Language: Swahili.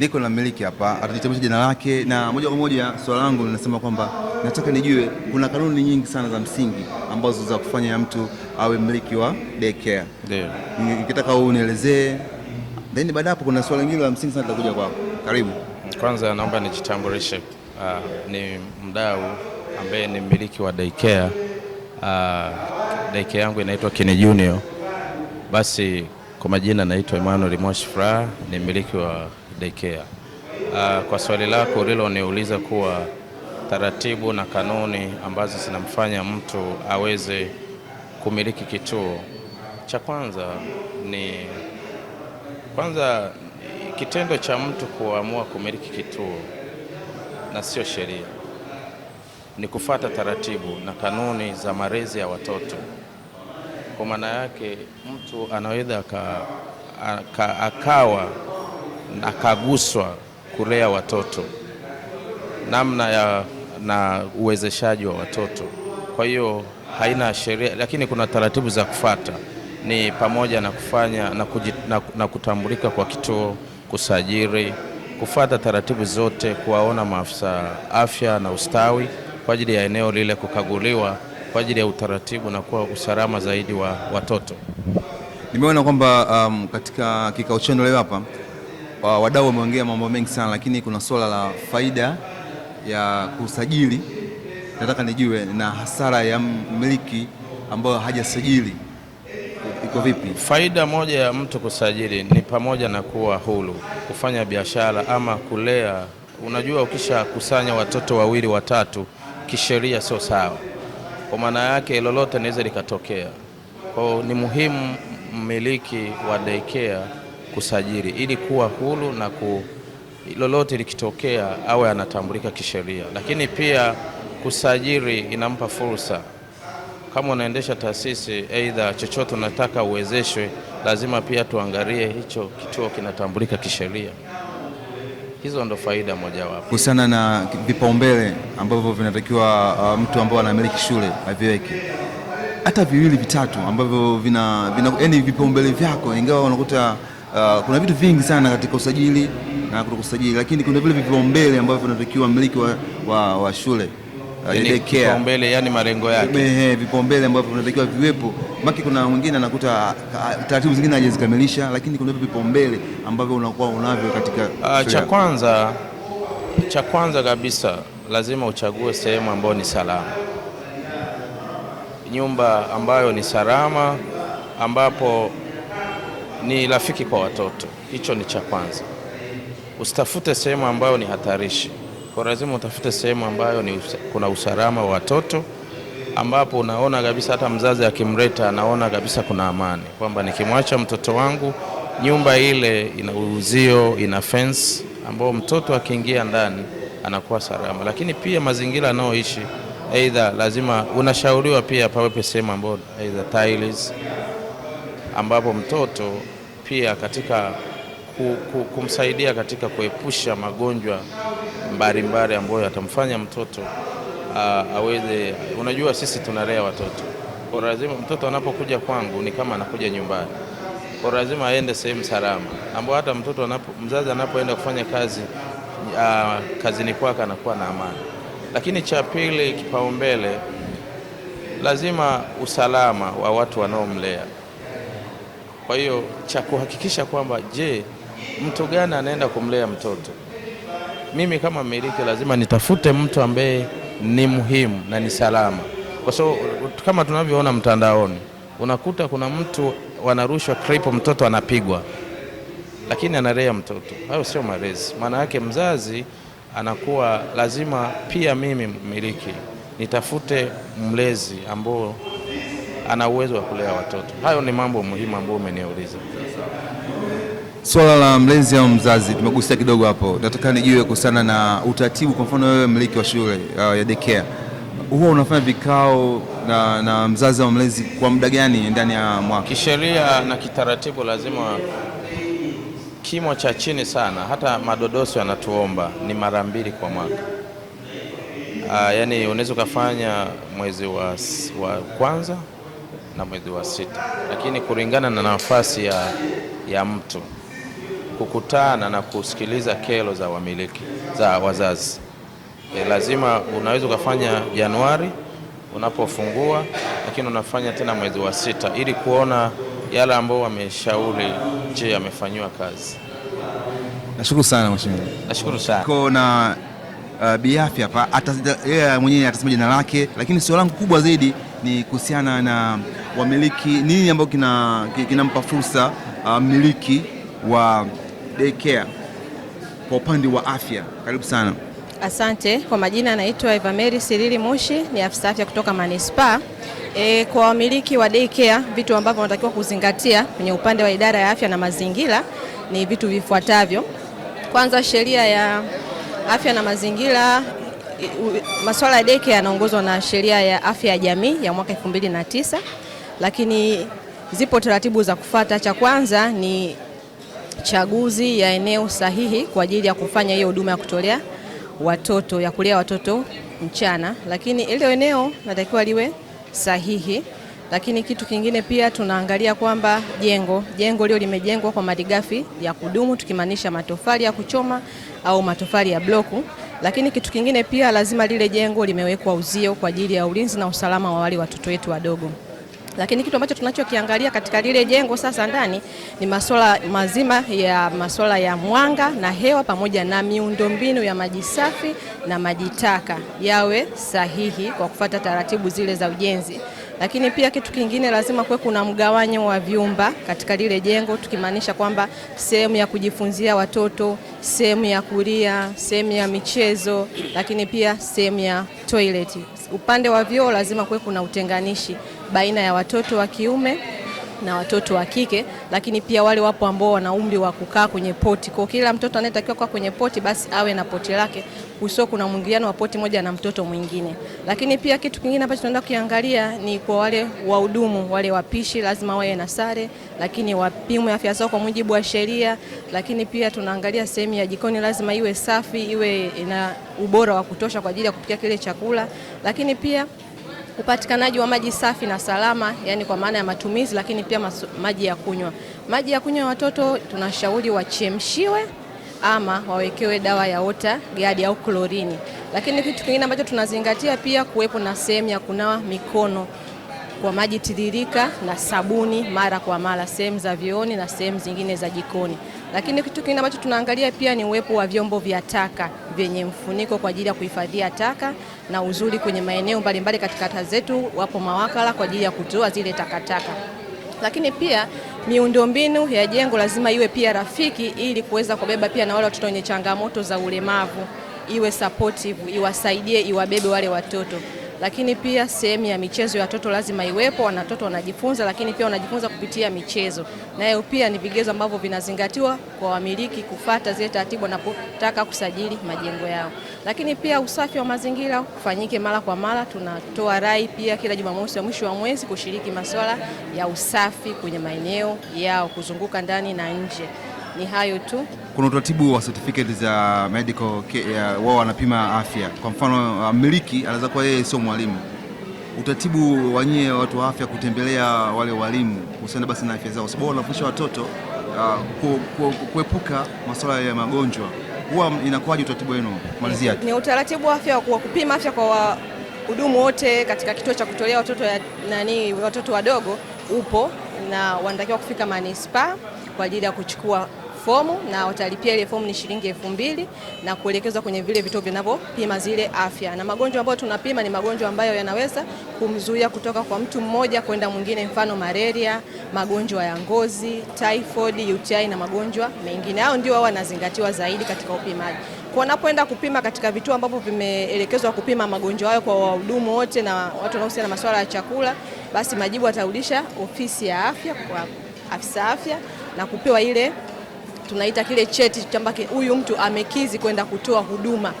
niko na mmiliki hapa, atajitambulisha jina lake, na moja kwa moja swala langu linasema kwamba nataka nijue kuna kanuni nyingi sana za msingi ambazo za kufanya mtu awe mmiliki wa daycare. Ndio. Nikitaka unielezee, then baada hapo kuna swala lingine la msingi sana litakuja kwako. Karibu. Kwanza naomba nijitambulishe. Uh, ni mdau ambaye ni mmiliki wa daycare. Uh, daycare yangu inaitwa Kine Junior. Basi kwa majina naitwa Emmanuel Mwashi Furaha, ni mmiliki wa daycare. Uh, kwa swali lako uliloniuliza kuwa taratibu na kanuni ambazo zinamfanya mtu aweze kumiliki kituo cha kwanza ni kwanza kitendo cha mtu kuamua kumiliki kituo na sio sheria, ni kufata taratibu na kanuni za malezi ya watoto. Kwa maana yake mtu anaweza akawa nakaguswa kulea watoto, namna ya na uwezeshaji wa watoto. Kwa hiyo haina sheria, lakini kuna taratibu za kufata, ni pamoja na kufanya na, kujit, na, na kutambulika kwa kituo, kusajili, kufata taratibu zote, kuwaona maafisa afya na ustawi kwa ajili ya eneo lile, kukaguliwa kwa ajili ya utaratibu na kuwa usalama zaidi wa watoto. Nimeona kwamba um, katika kikao chenu leo hapa Uh, wadau wameongea mambo mengi sana, lakini kuna suala la faida ya kusajili, nataka nijue na hasara ya mmiliki ambayo hajasajili iko vipi? Faida moja ya mtu kusajili ni pamoja na kuwa huru kufanya biashara ama kulea. Unajua, ukishakusanya watoto wawili watatu, kisheria sio sawa, kwa maana yake lolote linaweza likatokea. Kwa ni muhimu mmiliki wa daycare kusajili ili kuwa huru na ku, lolote likitokea awe anatambulika kisheria. Lakini pia kusajili inampa fursa, kama unaendesha taasisi aidha chochote unataka uwezeshwe, lazima pia tuangalie hicho kituo kinatambulika kisheria. Hizo ndo faida mojawapo kuhusiana na vipaumbele ambavyo vinatakiwa uh, mtu ambao anamiliki shule aviweke hata viwili vitatu ambavyo vina, vina, yani vipaumbele vyako, ingawa unakuta Uh, kuna vitu vingi sana katika usajili na kutokusajili, lakini kuna vile vipaumbele ambavyo vinatakiwa mmiliki wa, wa, wa shule vipaumbele uh, yaani yani malengo yake, vipaumbele ambavyo vinatakiwa viwepo, maki kuna mwingine anakuta taratibu zingine hajazikamilisha, lakini kuna vipaumbele ambavyo unakuwa unavyo katika uh, cha kwanza cha kwanza kabisa lazima uchague sehemu ambayo ni salama, nyumba ambayo ni salama ambapo ni rafiki kwa watoto, hicho ni cha kwanza. Usitafute sehemu ambayo ni hatarishi, kwa lazima utafute sehemu ambayo ni usa, kuna usalama wa watoto, ambapo unaona kabisa hata mzazi akimleta anaona kabisa kuna amani, kwamba nikimwacha mtoto wangu nyumba ile ina uzio, ina fence ambao mtoto akiingia ndani anakuwa salama. Lakini pia mazingira anaoishi, aidha lazima unashauriwa pia pawepe sehemu ambayo aidha tiles ambapo mtoto pia katika kumsaidia katika kuepusha magonjwa mbalimbali ambayo yatamfanya mtoto aweze. Unajua, sisi tunalea watoto, kwa lazima mtoto anapokuja kwangu ni kama anakuja nyumbani, kwa lazima aende sehemu salama, ambapo hata mtoto anapo, mzazi anapoenda kufanya kazi kazini kwake anakuwa na amani. Lakini cha pili, kipaumbele lazima usalama wa watu wanaomlea kwa hiyo cha kuhakikisha kwamba je, mtu gani anaenda kumlea mtoto, mimi kama mmiliki lazima nitafute mtu ambaye ni muhimu na ni salama, kwa sababu so, kama tunavyoona mtandaoni unakuta kuna mtu wanarushwa clip, mtoto anapigwa, lakini analea mtoto. Hayo sio malezi. Maana yake mzazi anakuwa lazima, pia mimi mmiliki nitafute mlezi ambao ana uwezo wa kulea watoto. Hayo ni mambo muhimu ambayo umeniuliza. Swala la mlezi au mzazi tumegusia kidogo hapo, nataka nijue kuhusiana na utaratibu. Kwa mfano wewe mliki wa shule uh, ya daycare huwa unafanya vikao na, na mzazi au mlezi kwa muda gani ndani ya mwaka? Kisheria na kitaratibu lazima kimo cha chini sana, hata madodoso yanatuomba ni mara mbili kwa mwaka. Uh, yaani unaweza ukafanya mwezi wa, wa kwanza na mwezi wa sita, lakini kulingana na nafasi ya, ya mtu kukutana na kusikiliza kero za wamiliki za wazazi e, lazima unaweza ukafanya Januari unapofungua, lakini unafanya tena mwezi wa sita ili kuona yale ambayo wameshauri, je, yamefanyiwa kazi. Nashukuru sana mheshimiwa. Nashukuru sana. Kwa na uh, biafya hapa yeye mwenyewe atasema jina lake, lakini sio langu kubwa zaidi ni kuhusiana na wamiliki, nini ambayo kinampa kina fursa uh, mmiliki uh, wa daycare kwa upande wa afya. Karibu sana. Asante kwa majina, naitwa Evameri sirili Moshi, ni afisa afya kutoka manispaa. E, kwa wamiliki wa daycare vitu ambavyo wanatakiwa kuzingatia kwenye upande wa idara ya afya na mazingira ni vitu vifuatavyo. Kwanza, sheria ya afya na mazingira masuala ya deke yanaongozwa na sheria ya afya ya jamii ya mwaka tisa, lakini zipo taratibu za kufata. Cha kwanza ni chaguzi ya eneo sahihi kwa ajili ya kufanya hiyo huduma ya kutolea watoto ya kulea watoto mchana, lakini ile eneo natakiwa liwe sahihi. Lakini kitu kingine pia tunaangalia kwamba jengo jengo lio limejengwa kwa malighafi ya kudumu, tukimaanisha matofali ya kuchoma au matofali ya bloku lakini kitu kingine pia, lazima lile jengo limewekwa uzio kwa ajili ya ulinzi na usalama wa wale watoto wetu wadogo lakini kitu ambacho tunachokiangalia katika lile jengo sasa ndani ni masuala mazima ya masuala ya mwanga na hewa pamoja na miundombinu ya maji safi na maji taka yawe sahihi kwa kufata taratibu zile za ujenzi. Lakini pia kitu kingine, lazima kuwe kuna mgawanyo wa vyumba katika lile jengo, tukimaanisha kwamba sehemu ya kujifunzia watoto, sehemu ya kulia, sehemu ya michezo, lakini pia sehemu ya toilet. Upande wa vyoo lazima kuwe kuna utenganishi baina ya watoto wa kiume na watoto wa kike, lakini pia wale wapo ambao wana umri wa kukaa kwenye poti. Kwa kila mtoto anayetakiwa kukaa kwenye poti, basi awe na poti lake, usio kuna mwingiliano wa poti moja na mtoto mwingine. Lakini pia kitu kingine ambacho tunaenda kukiangalia ni kwa wale wahudumu, wale wapishi lazima wawe na sare, lakini wapimwe afya zao kwa mujibu wa sheria. Lakini pia tunaangalia sehemu ya jikoni, lazima iwe safi, iwe na ubora wa kutosha kwa ajili ya kupikia kile chakula, lakini pia upatikanaji wa maji safi na salama, yani kwa maana ya matumizi, lakini pia masu, maji ya kunywa. Maji ya kunywa watoto tunashauri wachemshiwe ama wawekewe dawa ya ota gadi au klorini. Lakini kitu kingine ambacho tunazingatia pia kuwepo na sehemu ya kunawa mikono kwa maji tiririka na sabuni mara kwa mara, sehemu za vyooni na sehemu zingine za jikoni. Lakini kitu kingine ambacho tunaangalia pia ni uwepo wa vyombo vya taka vyenye mfuniko kwa ajili ya kuhifadhia taka, na uzuri kwenye maeneo mbalimbali katika kata zetu wapo mawakala kwa ajili ya kutoa zile takataka taka. Lakini pia miundombinu ya jengo lazima iwe pia rafiki ili kuweza kubeba pia na wale watoto wenye changamoto za ulemavu, iwe supportive, iwasaidie, iwabebe wale watoto lakini pia sehemu ya michezo ya watoto lazima iwepo. Watoto wanajifunza, lakini pia wanajifunza kupitia michezo, nayo pia ni vigezo ambavyo vinazingatiwa kwa wamiliki kufata zile taratibu wanapotaka kusajili majengo yao. Lakini pia usafi wa mazingira kufanyike mara kwa mara. Tunatoa rai pia kila Jumamosi ya mwisho wa mwezi kushiriki masuala ya usafi kwenye maeneo yao kuzunguka ndani na nje. Ni hayo tu. Kuna utaratibu wa certificate za medical care, wao wanapima afya. Kwa mfano mmiliki uh, anaweza kuwa yeye sio mwalimu, utaratibu wanyie watu wa afya kutembelea wale walimu kuhusiana basi na afya zao, sababu wanafundisha watoto uh, kuepuka masuala ya magonjwa. Huwa inakuwaje utaratibu wenu? Malizia ni utaratibu wa afya wa kupima afya kwa wahudumu wote katika kituo cha kutolea watoto ya, nani watoto wadogo upo na wanatakiwa kufika manispaa kwa ajili ya kuchukua fomu na watalipia ile fomu ni shilingi elfu mbili na kuelekezwa kwenye vile vituo vinavyopima zile afya. Na magonjwa ambayo tunapima ni magonjwa ambayo yanaweza kumzuia kutoka kwa mtu mmoja kwenda mwingine, mfano malaria, magonjwa ya ngozi, typhoid, UTI na magonjwa mengine. Hao ndio wanazingatiwa zaidi katika upimaji. Kwa unapoenda kupima katika vituo ambavyo vimeelekezwa kupima magonjwa hayo kwa wahudumu wote na watu wanaohusiana na masuala ya chakula, basi majibu atarudisha ofisi ya afya kwa afisa afya na kupewa ile tunaita kile cheti chambake huyu mtu amekizi kwenda kutoa huduma